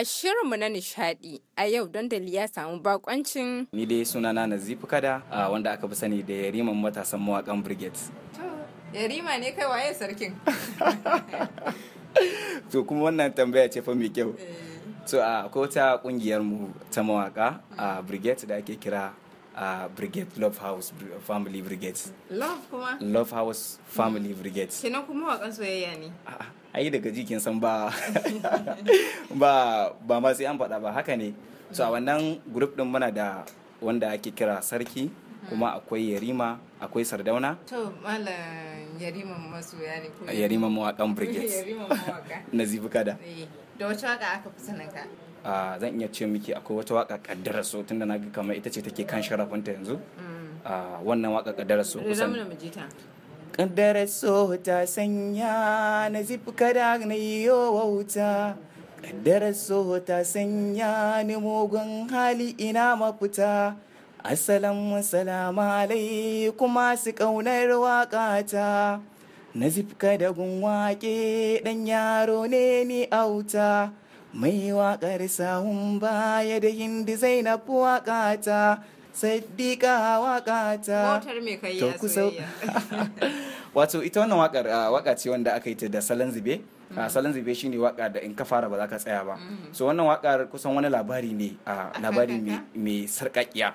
A shirinmu na nishadi a yau dandali ya samu bakoncin. Ni dai sunana Nazifu Kada wanda aka fi sani da yariman matasan mawakan Brigades. Yarima ne kai waye sarkin. To kuma wannan tambaya ce fa mai kyau. Eh. To a ko ta kungiyar mu ta mawaka a Brigade da ake kira a Brigade Love House Family Brigade. Love kuma? Love House Family Brigade. Kenan kuma wakan soyayya ne. ai daga jikin san ba ba ba ma sai an faɗa ba haka ne so a wannan group din muna da wanda ake kira sarki kuma akwai yarima akwai sardauna to malam yarima masoya ne ko yariman mawakan brigade yariman mawaka nazifi kada eh, da wacce waka aka fi sanin ka a zan iya ce miki akwai wata waka kaddara so tunda na ga kamar ita ce take kan sharafinta yanzu mm. a wannan waka kaddara so kusan Ƙaddarar so ta sanya na zip da na yi wauta. Ƙaddarar so ta sanya ni mugun hali ina mafita. Assalamu salamu alaikum su ƙaunar waƙata. Na kada da gunwaƙe ɗan yaro ne ni auta. Mai waƙar sahun baya da hindi Zainab waƙata. Saddiƙa waka ta. Motar me kai ya soyayya. Wato ita wannan wakar ah, waka ce wanda aka yi ta da salon zube. Ah, mm-hmm. salon zube shine waka da in ka fara ba za ka tsaya ba. Mm-hmm. So wannan wakar kusan wani labari ne ah, labari mai sarkakiya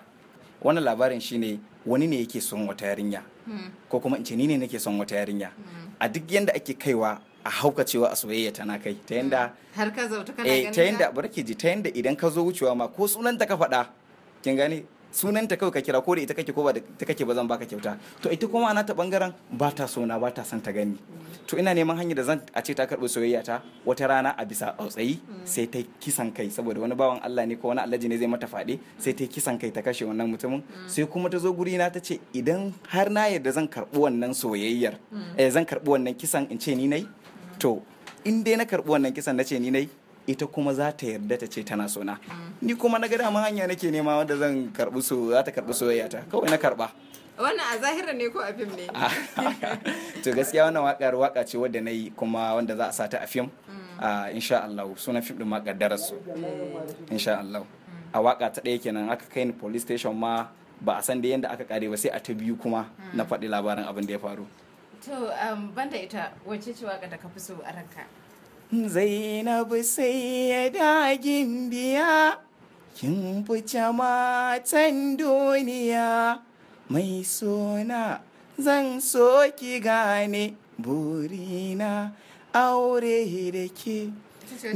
Wannan labarin shine wani ne yake son wata yarinya. Hmm. Ko kuma in ce ni ne nake son wata yarinya. Hmm. A duk yanda ake kaiwa a hauka cewa a soyayya tana kai ta yanda hmm. har ka zauta kana eh, ganin ta yanda barki ji ta yanda idan ka zo wucewa ma ko sunan ta ka faɗa kin gane sunanta kawai ka kira ko da ita kake ko ba da kake ba zan baka kyauta to ita kuma ana ta bangaren ba ta so na ba ta son ta gani to ina neman hanyar da zan a ce ta karɓi soyayya ta wata rana a bisa tsautsayi sai ta kisan kai saboda wani bawan Allah ne ko wani alhaji ne zai mata fade sai ta kisan kai ta kashe wannan mutumin sai kuma ta zo guri na ta ce idan har na yadda zan karɓi wannan soyayyar eh zan karɓi wannan kisan in ce ni nai to in dai na karbi wannan kisan na ce ni nai ita kuma za ta yarda ta ce tana sona mm. ni kuma na ga hanya nake nema wanda zan karbi so za ta karbi soyayya ta kawai na karba wannan a zahira ne ko a fim ne to gaskiya wannan wakar waka ce wadda na yi kuma wanda za a sata a fim mm. ah, insha Allah sunan fim din wakar su eh. insha Allah mm. a waka ta ɗaya kenan aka kai ni police station ma ba a san da yadda aka kare ba sai a ta biyu kuma na faɗi labarin abin da ya faru to um, banda ita wacce ce waka da ka fi so a ranka Zainabu sai ya dagin biya, kin fice matan duniya mai sona zan so ki gane burina aure da ke.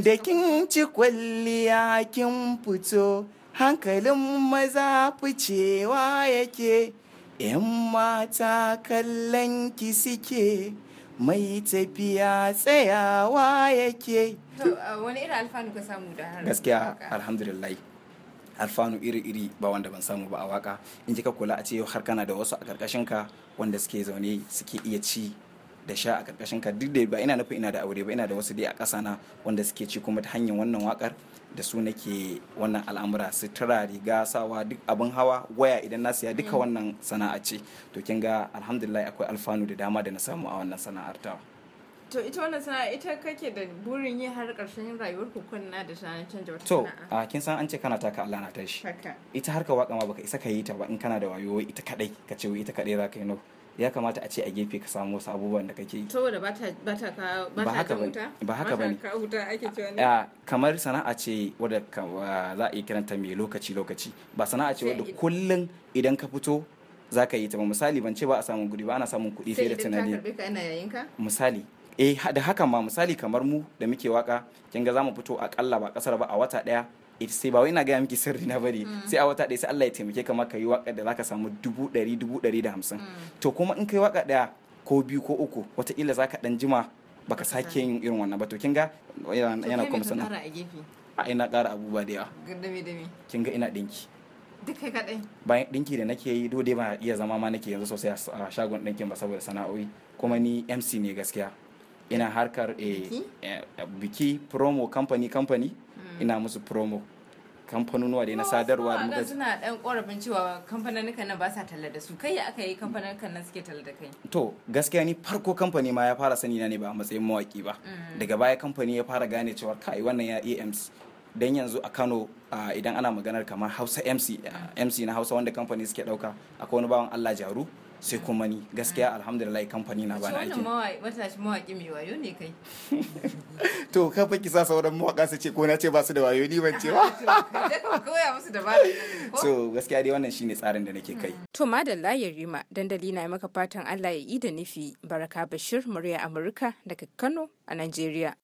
Da kin ci kwalliya kin fito, hankalin maza ficewa yake, ‘yan mata kallon ki suke. mai tafiya tsayawa yake wani irin alfanu ka samu da gaskiya alhamdulillah alfanu iri-iri ba wanda ban samu ba a waka in ji ka kula a ce har kana da wasu a karkashin ka wanda suke zaune suke iya ci da sha a karkashin ka duk da ba ina nufin ina da aure ba ina da wasu dai a ƙasa na wanda suke ci kuma ta hanyar wannan wakar da su nake wannan al'amura sutura riga sawa duk abin hawa waya idan na siya duka mm. wannan sana'a ce to kin ga alhamdulillah akwai alfanu da dama da na samu a wannan sana'ar ta to ita wannan sana'a ita kake da burin yi har karshen rayuwar ku kuna da sanar canja wata to kin san an ce kana taka Allah na tashi ita harka waka ma baka isa ka yi ta ba in kana da wayo ita kadai ka ce ita kadai za ka yi no ya kamata a ce a gefe ka samu wasu abubuwan da kake yi saboda ba ta ba ta ka ba haka ba haka ba ne ake cewa ne ah, kamar sana'a ce wadda za a iya kiranta mai lokaci lokaci ba sana'a ce wadda kullum idan ka fito za ka yi ta ba misali ban ce ba a samun kuɗi ba ana samun kuɗi fiye da tunani misali eh da haka ma misali kamar mu da muke waka kin ga mu fito akalla ba kasar ba a wata ɗaya. it sai ba wai ina gaya miki sirri na bari mm. sai a wata ɗaya sai Allah ya taimake ka maka yi waka da zaka samu dubu ɗari dubu ɗari da hamsin mm. to kuma in kai waka ɗaya ko biyu ko uku illa zaka ɗan jima baka sake yin irin wannan ba to kin ga yana kuma sana a ina ƙara abubuwa da yawa kin ga ina ɗinki duka kaɗai bayan ɗinki da nake yi dole ba iya zama ma nake yanzu sosai a shagon ɗinkin ba saboda sana'o'i kuma ni mc ne gaskiya ina harkar eh, eh, biki promo company company mm. ina musu promo kamfanonuwa da na sadarwa da suna dan korafin cewa kamfanonukan nan ba sa talla da su kai ya aka yi kamfanonukan nan suke talla da kai to gaskiya ni farko kamfani ma ya fara sani na ne ba a matsayin mawaki ba mm. daga baya kamfani ya fara gane cewa kai wannan ya AMs dan yanzu a Kano idan ana maganar kamar Hausa MC MC na Hausa wanda kamfani suke dauka akwai wani bawan Allah Jaru sai kuma ni gaskiya alhamdulillah kamfani na bani aiki matashi mawaki mai wayo ne kai to ka fa kisa sauran mawaka su ce ko na ce ba su da wayo ni ban ce ba so gaskiya dai wannan shine tsarin da nake kai hmm. to madalla ya rima dandali na maka fatan Allah ya yi da nufi baraka bashir murya amurka daga Kano a Najeriya